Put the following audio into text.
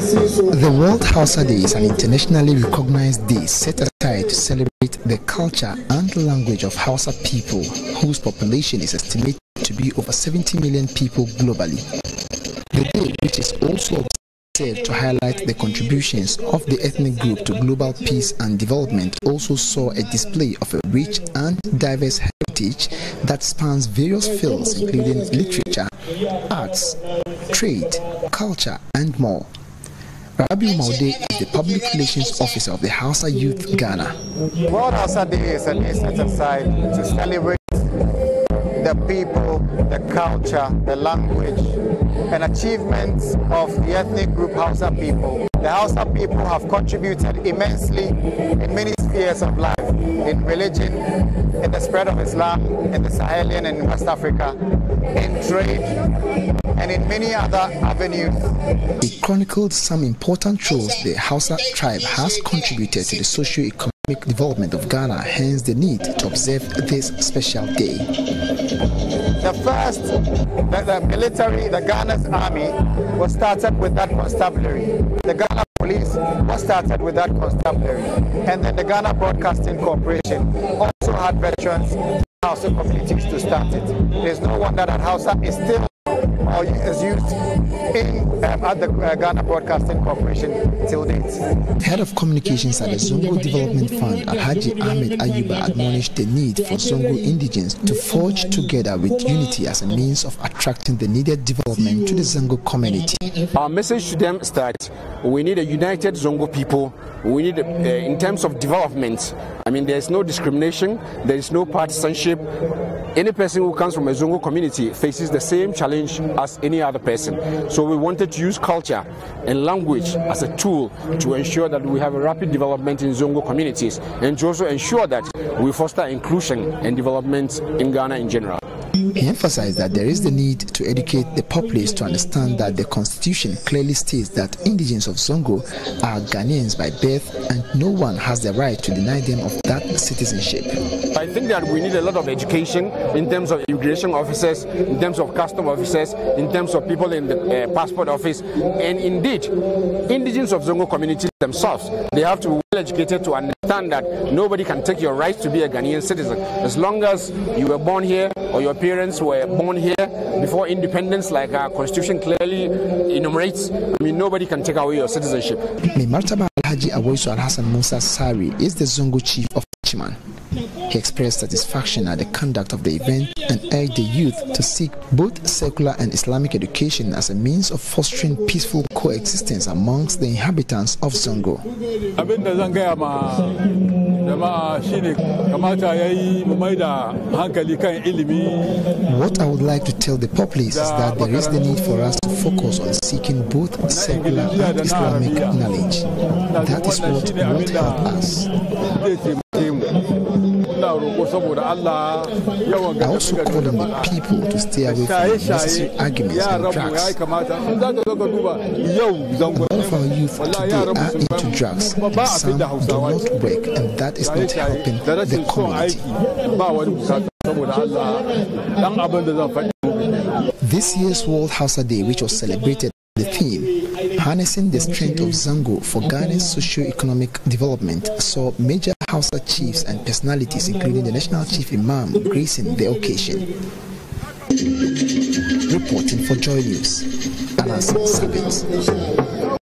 The World Hausa Day is an internationally recognized day set aside to celebrate the culture and language of Hausa people, whose population is estimated to be over 70 million people globally. The day, which is also observed to highlight the contributions of the ethnic group to global peace and development, also saw a display of a rich and diverse heritage that spans various fields including literature, arts, trade, culture and more. Rabiu Maude is the public relations officer of the Hausa Youth Ghana. World Hausa Day is an exercise to celebrate the people, the culture, the language, and achievements of the ethnic group Hausa people. The Hausa people have contributed immensely in many spheres of life, in religion, in the spread of Islam, in the Sahelian and West Africa, in trade, and in many other avenues. He chronicled some important roles the Hausa tribe has contributed to the socio-economic development of Ghana, hence the need to observe this special day. The first, the, the military, the Ghana's army was started with that constabulary. The Ghana police was started with that constabulary. And then the Ghana Broadcasting Corporation also had veterans Hausa communities to start it. There's no wonder that Hausa is still or used in, at the uh, Ghana Broadcasting Corporation till date. Head of Communications at the Zongo Development Fund, Haji Ahmed Ayuba, admonished the need for Zongo indigents to forge together with unity as a means of attracting the needed development to the Zongo community. Our message to them is that we need a united Zongo people. We need, uh, in terms of development, I mean, there is no discrimination, there is no partisanship any person who comes from a Zongo community faces the same challenge as any other person. So we wanted to use culture and language as a tool to ensure that we have a rapid development in Zongo communities and to also ensure that we foster inclusion and development in Ghana in general. He emphasized that there is the need to educate the populace to understand that the constitution clearly states that indigents of Zongo are Ghanaians by birth and no one has the right to deny them of that citizenship. I think that we need a lot of education in terms of immigration officers, in terms of custom officers, in terms of people in the uh, passport office, and indeed, indigents of Zongo community themselves, they have to be well educated to understand understand that nobody can take your right to be a Ghanaian citizen. As long as you were born here or your parents were born here before independence, like our constitution clearly enumerates, I mean, nobody can take away your citizenship. Haji Awoisu Al Hassan Musa Sari is the Zongo chief of Chiman. He expressed satisfaction at the conduct of the event and urged the youth to seek both secular and Islamic education as a means of fostering peaceful coexistence amongst the inhabitants of Zongo. What I would like to tell the populace is that there is the need for us to focus on seeking both secular and Islamic knowledge. That is what would help us. I also call on the people to stay away from unnecessary arguments and drugs. A lot of our youth today are into drugs, and some do not work, and that is not helping the community. This year's World Hausa Day, which was celebrated the theme, Harnessing the Strength of Zango for Ghana's Socio-Economic Development, saw major Hausa chiefs and personalities, including the National Chief Imam, gracing the occasion. Reporting for Joy News, Alas Sabit.